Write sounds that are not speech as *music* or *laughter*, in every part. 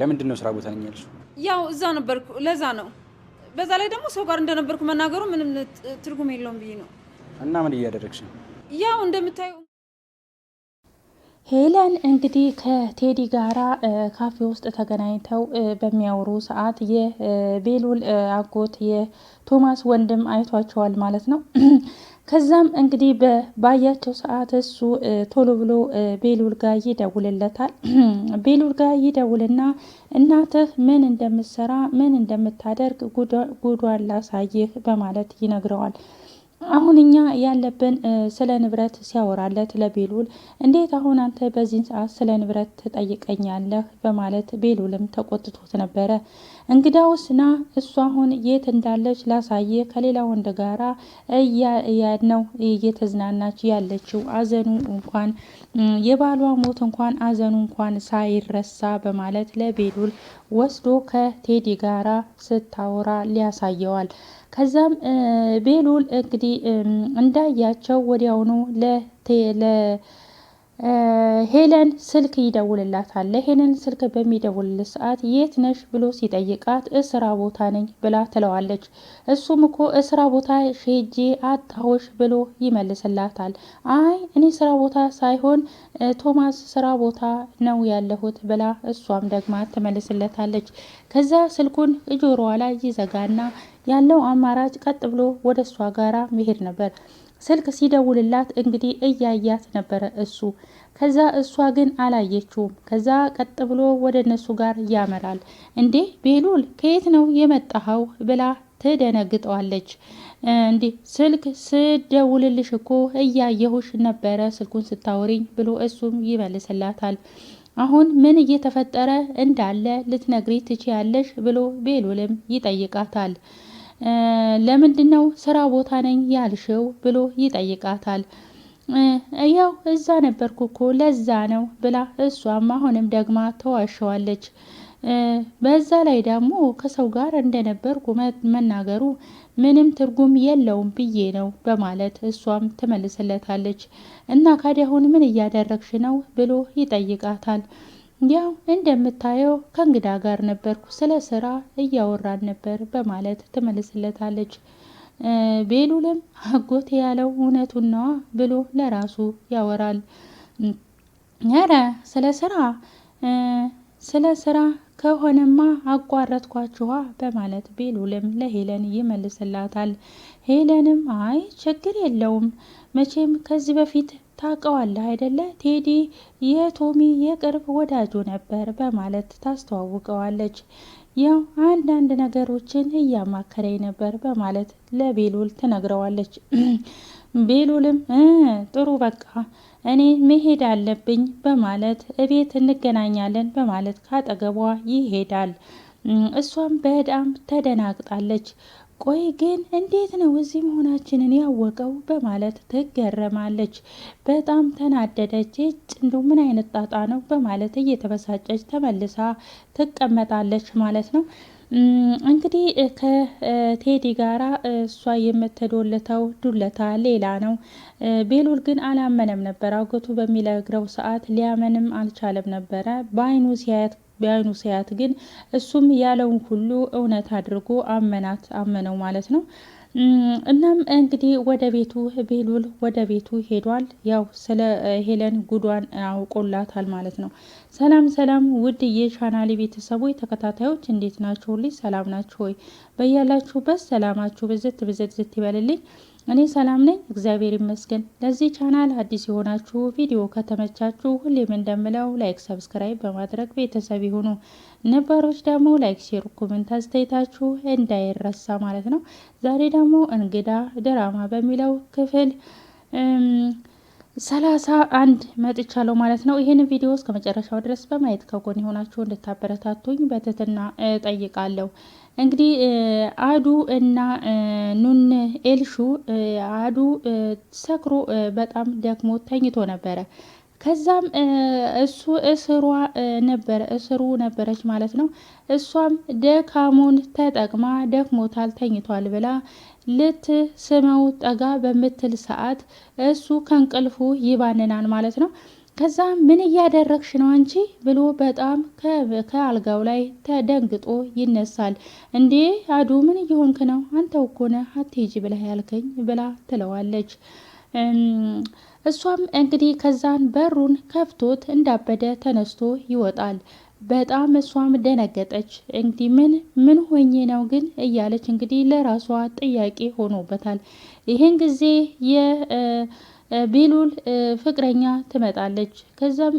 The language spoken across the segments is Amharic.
ለምንድን ነው ስራ ቦታ ነኝ ያልሽው? ያው እዛ ነበርኩ፣ ለዛ ነው። በዛ ላይ ደግሞ ሰው ጋር እንደነበርኩ መናገሩ ምንም ትርጉም የለውም ብዬ ነው። እና ምን እያደረግሽ ነው? ያው እንደምታየው ሄለን እንግዲህ ከቴዲ ጋራ ካፌ ውስጥ ተገናኝተው በሚያወሩ ሰዓት የቤሉል አጎት የቶማስ ወንድም አይቷቸዋል ማለት ነው። *clears throat* ከዛም እንግዲህ ባያቸው ሰዓት እሱ ቶሎ ብሎ ቤሉል ጋር ይደውልለታል። *clears throat* ቤሉል ጋር ይደውልና እናትህ ምን እንደምትሰራ ምን እንደምታደርግ ጉዷን ላሳይህ በማለት ይነግረዋል። አሁን እኛ ያለብን ስለ ንብረት ሲያወራለት ለቤሉል እንዴት አሁን አንተ በዚህን ሰዓት ስለ ንብረት ትጠይቀኛለህ? በማለት ቤሉልም ተቆጥቶት ነበረ። እንግዳውስ ና እሱ አሁን የት እንዳለች ላሳየ ከሌላ ወንድ ጋራ እያያድ ነው እየተዝናናች ያለችው። አዘኑ እንኳን የባሏ ሞት እንኳን አዘኑ እንኳን ሳይረሳ በማለት ለቤሉል ወስዶ ከቴዲ ጋራ ስታወራ ሊያሳየዋል። ከዛም ቤሉል እንግዲህ እንዳያቸው ወዲያውኑ ለ ሄለን ስልክ ይደውልላታል። ሄለን ስልክ በሚደውልለት ሰዓት የት ነሽ ብሎ ሲጠይቃት እስራ ቦታ ነኝ ብላ ትለዋለች። እሱም እኮ እስራ ቦታ ሄጄ አጣሁሽ ብሎ ይመልስላታል። አይ እኔ ስራ ቦታ ሳይሆን ቶማስ ስራ ቦታ ነው ያለሁት ብላ እሷም ደግማ ትመልስለታለች። ከዛ ስልኩን ጆሮዋ ላይ ይዘጋና ያለው አማራጭ ቀጥ ብሎ ወደ እሷ ጋራ መሄድ ነበር። ስልክ ሲደውልላት እንግዲህ እያያት ነበረ እሱ። ከዛ እሷ ግን አላየችውም። ከዛ ቀጥ ብሎ ወደ እነሱ ጋር ያመራል። እንዴ ቤሉል ከየት ነው የመጣኸው ብላ ትደነግጠዋለች። እንዴ ስልክ ስደውልልሽ እኮ እያየሁሽ ነበረ ስልኩን ስታወሪኝ ብሎ እሱም ይመልስላታል። አሁን ምን እየተፈጠረ እንዳለ ልትነግሪ ትችያለሽ ብሎ ቤሉልም ይጠይቃታል። ለምንድን ነው ስራ ቦታ ነኝ ያልሽው ብሎ ይጠይቃታል። ያው እዛ ነበርኩ እኮ ለዛ ነው ብላ እሷም አሁንም ደግማ ተዋሸዋለች። በዛ ላይ ደግሞ ከሰው ጋር እንደነበርኩ መናገሩ ምንም ትርጉም የለውም ብዬ ነው በማለት እሷም ትመልስለታለች። እና ካዲያሁን ምን እያደረግሽ ነው ብሎ ይጠይቃታል። ያው እንደምታየው ከእንግዳ ጋር ነበርኩ፣ ስለ ስራ እያወራን ነበር በማለት ትመልስለታለች። ቤሉልም አጎቴ ያለው እውነቱን ነዋ ብሎ ለራሱ ያወራል። ኧረ ስለ ስራ ስለ ስራ ከሆነማ አቋረጥኳችኋ በማለት ቤሉልም ለሄለን ይመልስላታል። ሄለንም አይ ችግር የለውም መቼም ከዚህ በፊት ታውቀዋለህ አይደለ ቴዲ የቶሚ የቅርብ ወዳጁ ነበር በማለት ታስተዋውቀዋለች። ያው አንዳንድ ነገሮችን እያማከረኝ ነበር በማለት ለቤሉል ትነግረዋለች። *clears throat* ቤሉልም ጥሩ በቃ እኔ መሄድ አለብኝ በማለት እቤት እንገናኛለን በማለት ካጠገቧ ይሄዳል። እሷም በጣም ተደናግጣለች። ቆይ ግን እንዴት ነው እዚህ መሆናችንን ያወቀው? በማለት ትገረማለች። በጣም ተናደደች። ጭንዱ ምን አይነት ጣጣ ነው? በማለት እየተበሳጨች ተመልሳ ትቀመጣለች ማለት ነው። እንግዲህ ከቴዲ ጋራ እሷ የምትዶልተው ዱለታ ሌላ ነው። ቤሉል ግን አላመነም ነበር። አጎቱ በሚነግረው ሰዓት ሊያመንም አልቻለም ነበረ በአይኑ ሲያየት በአይኑ ሲያያት ግን እሱም ያለውን ሁሉ እውነት አድርጎ አመናት አመነው ማለት ነው። እናም እንግዲህ ወደ ቤቱ ቤሉል ወደ ቤቱ ሄዷል። ያው ስለ ሄለን ጉዷን አውቆላታል ማለት ነው። ሰላም ሰላም፣ ውድ የቻናሌ ቤተሰቦች ተከታታዮች እንዴት ናችሁልኝ? ሰላም ናችሁ ወይ? በያላችሁበት ሰላማችሁ ብዝት ብዝት ዝት ይበልልኝ። እኔ ሰላም ነኝ፣ እግዚአብሔር ይመስገን። ለዚህ ቻናል አዲስ የሆናችሁ ቪዲዮ ከተመቻችሁ ሁሌም እንደምለው ላይክ፣ ሰብስክራይብ በማድረግ ቤተሰብ ይሁኑ። ነባሮች ደግሞ ላይክ፣ ሼር፣ ኮሜንት አስተያየታችሁ እንዳይረሳ ማለት ነው። ዛሬ ደግሞ እንግዳ ድራማ በሚለው ክፍል ሰላሳ አንድ መጥቻለሁ ማለት ነው። ይህን ቪዲዮ እስከ መጨረሻው ድረስ በማየት ከጎን የሆናችሁ እንድታበረታቱኝ በትህትና እጠይቃለሁ። እንግዲህ አዱ እና ኑን ኤልሹ አዱ ሰክሮ በጣም ደክሞ ተኝቶ ነበረ። ከዛም እሱ እስሯ ነበረ እስሩ ነበረች ማለት ነው። እሷም ደካሙን ተጠቅማ ደክሞታል ተኝቷል ብላ ልትስመው ጠጋ በምትል ሰዓት እሱ ከእንቅልፉ ይባንናል ማለት ነው። ከዛ ምን እያደረግሽ ነው አንቺ ብሎ በጣም ከአልጋው ላይ ተደንግጦ ይነሳል። እንዴ አዱ ምን እየሆንክ ነው? አንተው እኮ ነህ አትሄጂ ብለህ ያልከኝ ብላ ትለዋለች። እሷም እንግዲህ ከዛን በሩን ከፍቶት እንዳበደ ተነስቶ ይወጣል። በጣም እሷም ደነገጠች። እንግዲህ ምን ምን ሆኜ ነው ግን እያለች እንግዲህ ለራሷ ጥያቄ ሆኖበታል። ይህን ጊዜ የቤሉል ፍቅረኛ ትመጣለች። ከዛም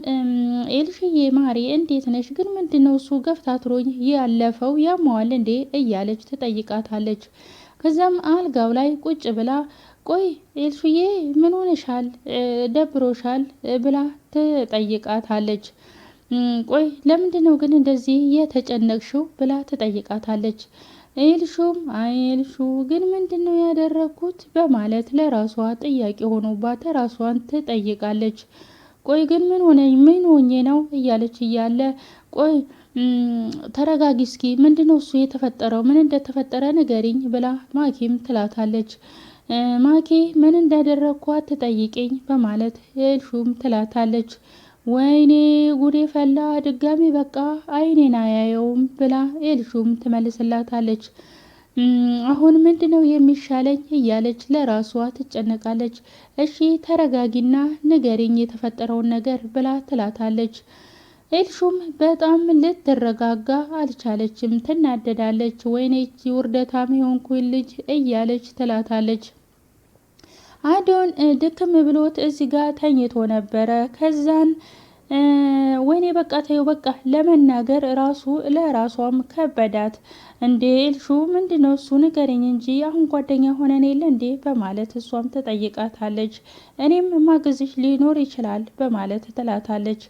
ኤልሽዬ ማሪ እንዴት ነሽ? ግን ምንድን ነው እሱ ገፍታትሮኝ ያለፈው ያማዋል እንዴ እያለች ትጠይቃታለች። ከዛም አልጋው ላይ ቁጭ ብላ ቆይ ኤልሽዬ ምን ሆነሻል? ደብሮሻል? ብላ ትጠይቃታለች። ቆይ ለምንድን ነው ግን እንደዚህ የተጨነቅሽው ብላ ትጠይቃታለች። ኤልሹም አይልሹ ግን ምንድን ነው ያደረግኩት በማለት ለራሷ ጥያቄ ሆኖባት ራሷን ትጠይቃለች። ቆይ ግን ምን ሆነኝ ምን ሆኜ ነው እያለች እያለ ቆይ ተረጋጊ እስኪ ምንድን ነው እሱ የተፈጠረው ምን እንደተፈጠረ ንገሪኝ ብላ ማኪም ትላታለች። ማኪ ምን እንዳደረግኳት ትጠይቅኝ በማለት ኤልሹም ትላታለች። ወይኔ ጉዴ ፈላ፣ ድጋሚ በቃ አይኔን አያየውም ብላ ኤልሹም ትመልስላታለች። አሁን ምንድ ነው የሚሻለኝ እያለች ለራሷ ትጨነቃለች። እሺ ተረጋጊና ንገሪኝ የተፈጠረውን ነገር ብላ ትላታለች። ኤልሹም በጣም ልትረጋጋ አልቻለችም። ትናደዳለች። ወይኔ ውርደታም የሆንኩኝ ልጅ እያለች ትላታለች። አዶን ድክም ብሎት እዚህ ጋር ተኝቶ ነበረ። ከዛን ወይኔ በቃ ተይው በቃ ለመናገር ራሱ ለራሷም ከበዳት። እንዴ ኤልሹ ምንድን ነው እሱ ንገረኝ እንጂ አሁን ጓደኛ ሆነን የለ እንዴ በማለት እሷም ትጠይቃታለች። እኔም ማግዝሽ ሊኖር ይችላል በማለት ትላታለች።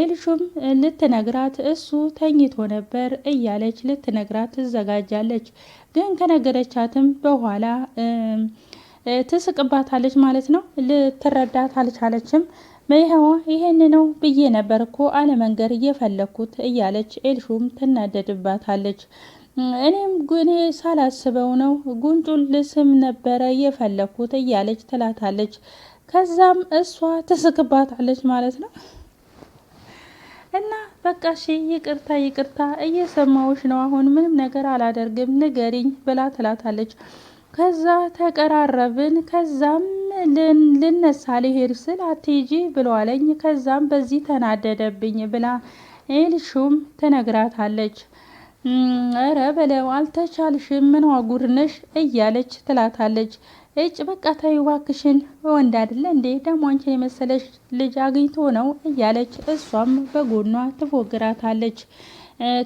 ኤልሹም ልትነግራት እሱ ተኝቶ ነበር እያለች ልትነግራት ትዘጋጃለች። ግን ከነገረቻትም በኋላ ትስቅባታለች ማለት ነው። ልትረዳት አልቻለችም። ይኸዋ ይሄን ነው ብዬ ነበር እኮ አለመንገር እየፈለግኩት እያለች ኤልሹም ትናደድባታለች። እኔም ጉኔ ሳላስበው ነው ጉንጩን ልስም ነበረ እየፈለግኩት እያለች ትላታለች። ከዛም እሷ ትስቅባታለች ማለት ነው። እና በቃ እሺ ይቅርታ ይቅርታ፣ እየሰማዎች ነው፣ አሁን ምንም ነገር አላደርግም፣ ንገሪኝ ብላ ትላታለች። ከዛ ተቀራረብን። ከዛም ልነሳ ልሄድ ስል አትሄጂ ብለዋለኝ። ከዛም በዚህ ተናደደብኝ ብላ ኤልሹም ትነግራታለች። እረ በለው አልተቻልሽም፣ ምን ዋጉርነሽ እያለች ትላታለች። እጭ በቃ ተይ እባክሽን፣ ወንድ አይደለ እንዴ ደግሞ አንቺን የመሰለሽ ልጅ አግኝቶ ነው እያለች እሷም በጎኗ ትፎግራታለች።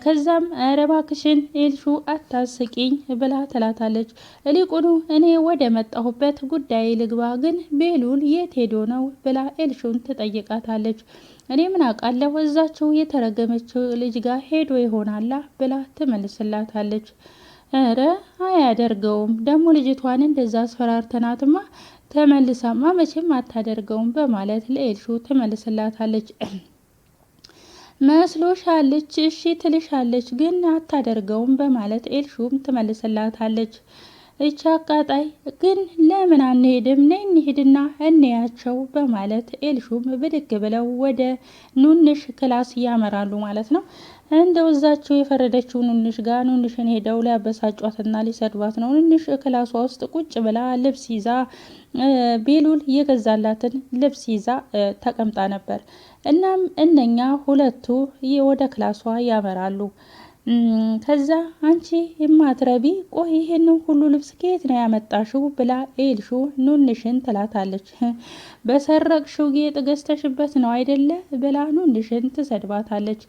ከዛም ረባክሽን ኤልሹ አታስቂኝ ብላ ትላታለች። እሊቁኑ እኔ ወደ መጣሁበት ጉዳይ ልግባ፣ ግን ቤሉል የት ሄዶ ነው ብላ ኤልሹን ትጠይቃታለች። እኔ ምን አውቃለሁ እዛቸው የተረገመችው ልጅ ጋር ሄዶ ይሆናላ ብላ ትመልስላታለች። እረ አያደርገውም ደግሞ ልጅቷን እንደዛ አስፈራርተናትማ ተመልሳማ መቼም አታደርገውም በማለት ለኤልሹ ትመልስላታለች። መስሎሻለች፣ እሺ ትልሻለች፣ ግን አታደርገውም በማለት ኤልሹም ትመልስላታለች። እቺ አቃጣይ ግን ለምን አንሄድም? ነይ እንሄድና እንያቸው በማለት ኤልሹም ብድግ ብለው ወደ ኑንሽ ክላስ ያመራሉ ማለት ነው። እንደው እዛቸው የፈረደችው ኑንሽ ጋር ኑንሽን ሄደው ሊያበሳጯትና ሊሰድቧት ነው። ኑንሽ ክላሷ ውስጥ ቁጭ ብላ ልብስ ይዛ ቤሉል የገዛላትን ልብስ ይዛ ተቀምጣ ነበር። እናም እነኛ ሁለቱ ወደ ክላሷ ያመራሉ። ከዛ አንቺ የማትረቢ ቆይ ይሄንን ሁሉ ልብስ ከየት ነው ያመጣሽው? ብላ ኤልሹ ኑንሽን ትላታለች። *laughs* በሰረቅሽው ጌጥ ገዝተሽበት ነው አይደለ? ብላ ኑንሽን ትሰድባታለች።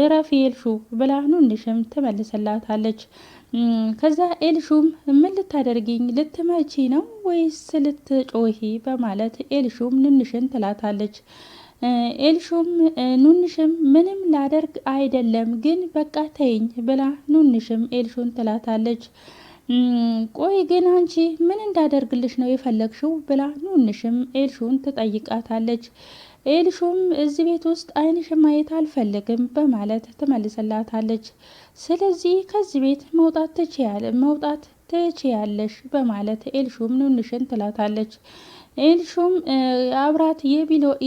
እረፍ ኤልሹ ብላ ኑንሽም ትመልስላታለች። ከዛ ኤልሹም ምን ልታደርጊኝ ልትመቺ ነው ወይስ ልትጮሂ? በማለት ኤልሹም ኑንሽን ትላታለች። ኤልሹም ኑንሽም ምንም ላደርግ አይደለም ግን በቃ ተይኝ ብላ ኑንሽም ኤልሹን ትላታለች። ቆይ ግን አንቺ ምን እንዳደርግልሽ ነው የፈለግሽው? ብላ ኑንሽም ኤልሹን ትጠይቃታለች። ኤልሹም እዚህ ቤት ውስጥ አይንሽን ማየት አልፈልግም በማለት ትመልስላታለች። ስለዚህ ከዚህ ቤት መውጣት መውጣት ትችያለሽ በማለት ኤልሹም ኑንሽን ትላታለች። ኤልሹም አብራት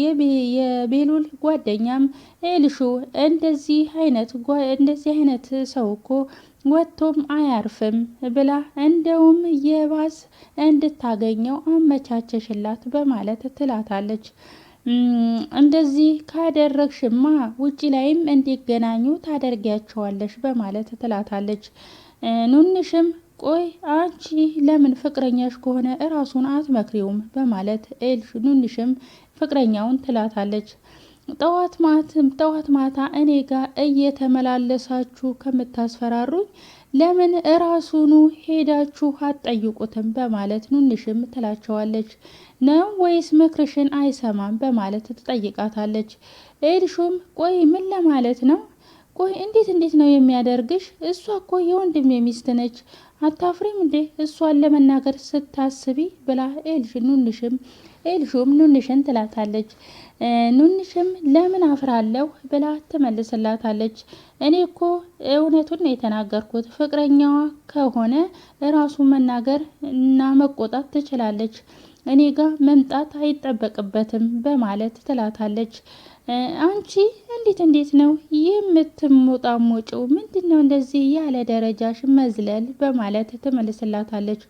የቤሉል ጓደኛም ኤልሹ እንደዚህ አይነት እንደዚህ አይነት ሰው እኮ ወጥቶም አያርፍም ብላ እንደውም የባስ እንድታገኘው አመቻቸሽላት በማለት ትላታለች። እንደዚህ ካደረግሽማ ውጭ ላይም እንዲገናኙ ታደርጊያቸዋለሽ በማለት ትላታለች። ኑንሽም ቆይ አንቺ ለምን ፍቅረኛሽ ከሆነ እራሱን አትመክሪውም? በማለት ኤልሽ ኑንሽም ፍቅረኛውን ትላታለች። ጠዋት ማትም ጠዋት ማታ እኔ ጋር እየተመላለሳችሁ ከምታስፈራሩኝ ለምን እራሱኑ ሄዳችሁ አትጠይቁትም? በማለት ኑንሽም ትላቸዋለች። ነው ወይስ ምክርሽን አይሰማም? በማለት ትጠይቃታለች። ኤልሹም ቆይ ምን ለማለት ነው? ቆይ እንዴት እንዴት ነው የሚያደርግሽ? እሷ እኮ የወንድሜ ሚስት ነች አታፍሪም እንዴ እሷን ለመናገር ስታስቢ ብላ ኤልሽ ኑንሽም ኤልሹም ኑንሽን ትላታለች። ኑንሽም ለምን አፍራለሁ ብላ ትመልስላታለች። እኔ እኮ እውነቱን ነው የተናገርኩት። ፍቅረኛዋ ከሆነ ራሱ መናገር እና መቆጣት ትችላለች። እኔ ጋር መምጣት አይጠበቅበትም በማለት ትላታለች። አንቺ እንዴት እንዴት ነው የምትሞጣሞጪው? ምንድን ነው እንደዚህ ያለ ደረጃሽ መዝለል? በማለት ትመልስላታለች።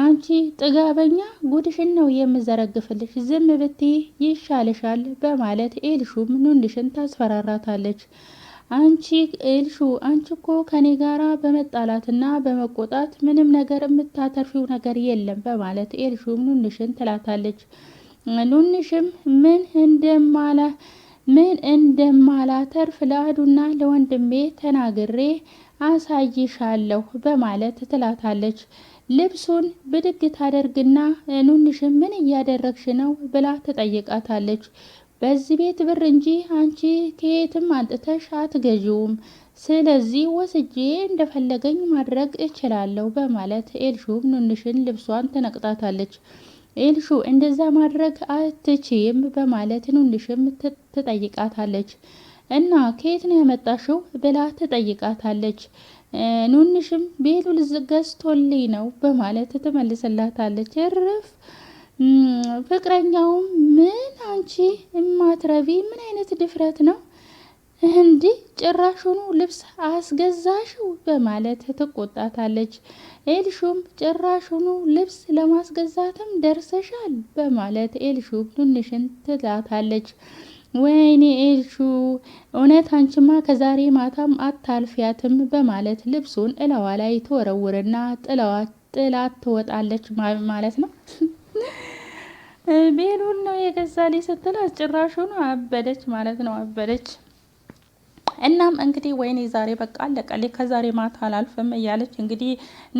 አንቺ ጥጋበኛ ጉድሽን ነው የምዘረግፍልሽ፣ ዝም ብትይ ይሻልሻል በማለት ኤልሹም ኑንድሽን ታስፈራራታለች። አንቺ ኤልሹ አንቺ እኮ ከኔ ጋራ በመጣላትና በመቆጣት ምንም ነገር የምታተርፊው ነገር የለም በማለት ኤልሹም ኑንድሽን ትላታለች። ሉንሽም ምን እንደማላ ምን እንደማላተርፍ ለአዱና ለወንድሜ ተናግሬ አሳይሻለሁ በማለት ትላታለች። ልብሱን ብድግ ታደርግና ኑንሽም ምን እያደረግሽ ነው ብላ ትጠይቃታለች። በዚህ ቤት ብር እንጂ አንቺ ከየትም አንጥተሽ አትገዢውም፣ ስለዚህ ወስጄ እንደፈለገኝ ማድረግ እችላለሁ በማለት ኤልሹም ኑንሽን ልብሷን ትነቅጣታለች። ኤልሹ እንደዛ ማድረግ አትችም በማለት ኑንሽም ትጠይቃታለች። እና ከየት ነው ያመጣሽው ብላ ትጠይቃታለች። ኑንሽም ቤሉል ገዝቶልኝ ነው በማለት ትመልስላታለች። እርፍ ፍቅረኛውም ምን አንቺ እማትረቢ ምን አይነት ድፍረት ነው እንዲህ ጭራሹኑ ልብስ አስገዛሽው በማለት ትቆጣታለች። ኤልሹም ጭራሹኑ ልብስ ለማስገዛትም ደርሰሻል በማለት ኤልሹ ትንሽን ትላታለች። ወይኔ ኤልሹ እውነት አንቺማ ከዛሬ ማታም አታልፊያትም በማለት ልብሱን እላዋ ላይ ትወረውርና ጥላዋ ጥላት ትወጣለች ማለት ነው። *laughs* ቤሉን ነው የገዛልኝ ስትል ጭራሹኑ አበደች ማለት ነው አበደች። እናም እንግዲህ ወይኔ ዛሬ በቃ አለቀሌ ከዛሬ ማታ አላልፍም እያለች እንግዲህ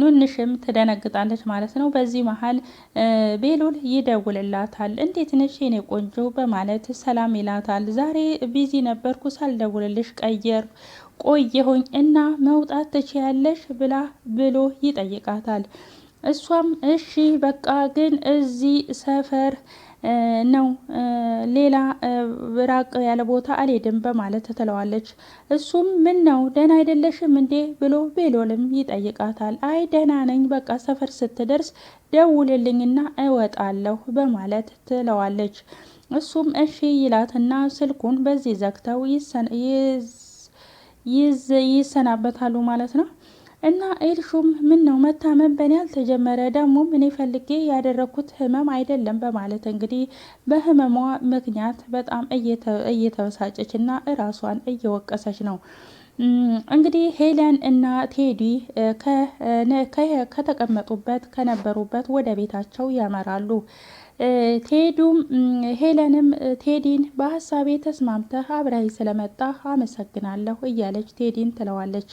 ኑንሽም ትደነግጣለች ማለት ነው። በዚህ መሀል ቤሉል ይደውልላታል። እንዴት ነሽ የኔ ቆንጆ በማለት ሰላም ይላታል። ዛሬ ቢዚ ነበርኩ ሳልደውልልሽ ቀየር ቆየሁኝ እና መውጣት ትችያለሽ ብላ ብሎ ይጠይቃታል። እሷም እሺ በቃ ግን እዚህ ሰፈር ነው። ሌላ ራቅ ያለ ቦታ አልሄድም በማለት ትለዋለች። እሱም ምን ነው ደህና አይደለሽም እንዴ ብሎ ቤሎልም ይጠይቃታል። አይ ደህና ነኝ፣ በቃ ሰፈር ስትደርስ ደውልልኝና እወጣለሁ በማለት ትለዋለች። እሱም እሺ ይላትና ስልኩን በዚህ ዘግተው ይሰናበታሉ ማለት ነው። እና ኤልሹም ምን ነው መታመም በእኔ አልተጀመረ ደግሞ እኔ ፈልጌ ያደረግኩት ህመም አይደለም በማለት እንግዲህ በህመሟ ምክንያት በጣም እየተበሳጨች እና እራሷን እየወቀሰች ነው። እንግዲህ ሄለን እና ቴዲ ከተቀመጡበት ከነበሩበት ወደ ቤታቸው ያመራሉ። ቴዱም ሄለንም ቴዲን በሀሳቤ ተስማምተህ አብረህ ስለመጣ አመሰግናለሁ እያለች ቴዲን ትለዋለች።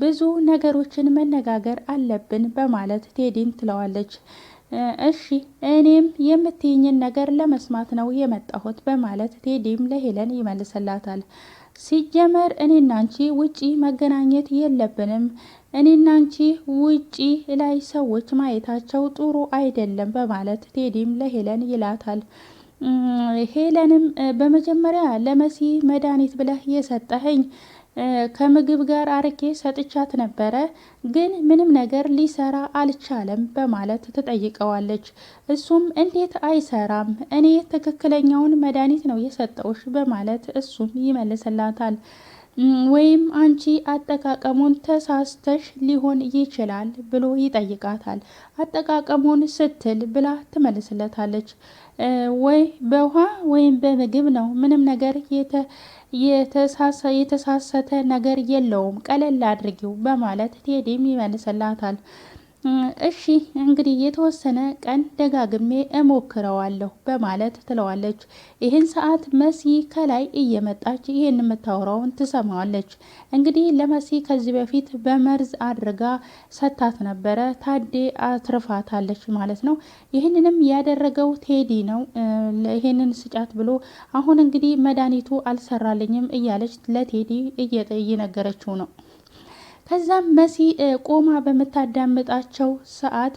ብዙ ነገሮችን መነጋገር አለብን በማለት ቴዲን ትለዋለች። እሺ እኔም የምትይኝን ነገር ለመስማት ነው የመጣሁት በማለት ቴዲም ለሄለን ይመልስላታል። ሲጀመር እኔና አንቺ ውጪ መገናኘት የለብንም። እኔና አንቺ ውጪ ላይ ሰዎች ማየታቸው ጥሩ አይደለም በማለት ቴዲም ለሄለን ይላታል። ሄለንም በመጀመሪያ ለመሲ መድኃኒት ብለህ የሰጠኸኝ ከምግብ ጋር አርኬ ሰጥቻት ነበረ፣ ግን ምንም ነገር ሊሰራ አልቻለም በማለት ትጠይቀዋለች። እሱም እንዴት አይሰራም እኔ ትክክለኛውን መድኃኒት ነው የሰጠውሽ በማለት እሱም ይመልስላታል። ወይም አንቺ አጠቃቀሙን ተሳስተሽ ሊሆን ይችላል ብሎ ይጠይቃታል። አጠቃቀሙን ስትል ብላ ትመልስለታለች። ወይ በውሃ ወይም በምግብ ነው። ምንም ነገር የተሳሰተ ነገር የለውም ቀለል አድርጊው በማለት ቴዲም ይመልስላታል። እሺ እንግዲህ የተወሰነ ቀን ደጋግሜ እሞክረዋለሁ በማለት ትለዋለች። ይህን ሰዓት መሲ ከላይ እየመጣች ይህን የምታወራውን ትሰማዋለች። እንግዲህ ለመሲ ከዚህ በፊት በመርዝ አድርጋ ሰታት ነበረ። ታዴ አትርፋታለች ማለት ነው። ይህንንም ያደረገው ቴዲ ነው። ይህንን ስጫት ብሎ አሁን እንግዲህ መድኃኒቱ አልሰራልኝም እያለች ለቴዲ እየነገረችው ነው ከዛም መሲ ቆማ በምታዳምጣቸው ሰዓት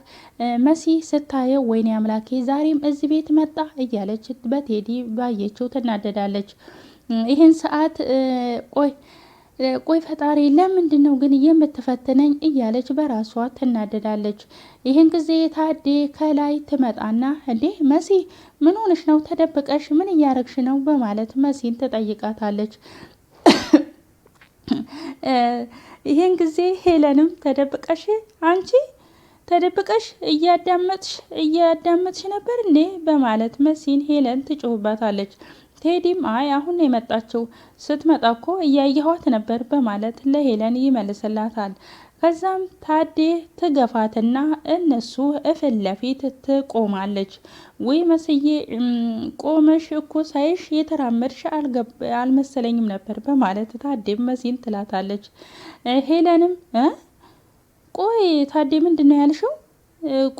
መሲ ስታየው ወይኔ አምላኬ ዛሬም እዚህ ቤት መጣ እያለች በቴዲ ባየችው ትናደዳለች። ይህን ሰዓት ቆይ ቆይ ፈጣሪ ለምንድን ነው ግን የምትፈትነኝ? እያለች በራሷ ትናደዳለች። ይህን ጊዜ ታዴ ከላይ ትመጣና እንዴ መሲ ምን ሆነሽ ነው? ተደብቀሽ ምን እያረግሽ ነው? በማለት መሲን ትጠይቃታለች። *laughs* ይህን ጊዜ ሄለንም ተደብቀሽ አንቺ ተደብቀሽ እያዳመጥሽ እያዳመጥሽ ነበር እንዴ በማለት መሲን ሄለን ትጮህባታለች። ቴዲም አይ አሁን ነው የመጣችው፣ ስትመጣ እኮ እያየኋት ነበር በማለት ለሄለን ይመልስላታል። ከዛም ታዴ ትገፋትና እነሱ እፊት ለፊት ትቆማለች። ወይ መስዬ ቆመሽ እኮ ሳይሽ የተራመድሽ አልመሰለኝም ነበር በማለት ታዴም መሲን ትላታለች። ሄለንም ቆይ ታዴ ምንድን ነው ያልሽው?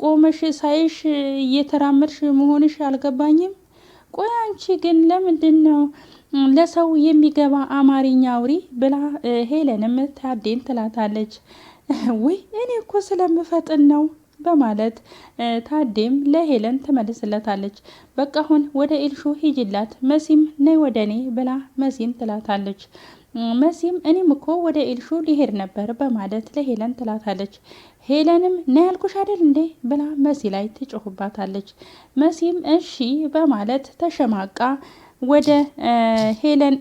ቆመሽ ሳይሽ እየተራመድሽ መሆንሽ አልገባኝም ቆይ አንቺ ግን ለምንድን ነው ለሰው የሚገባ አማርኛ አውሪ ብላ ሄለንም ታዴን ትላታለች። ውይ እኔ እኮ ስለምፈጥን ነው በማለት ታዴም ለሄለን ትመልስለታለች። በቃ አሁን ወደ ኤልሹ ሂጅላት መሲም ነይ ወደ እኔ ብላ መሲን ትላታለች። መሲም እኔም እኮ ወደ ኤልሹ ሊሄድ ነበር በማለት ለሄለን ትላታለች። ሄለንም ና ያልኩሽ አይደል እንዴ ብላ መሲ ላይ ትጮሁባታለች። መሲም እሺ በማለት ተሸማቃ ወደ ሄለን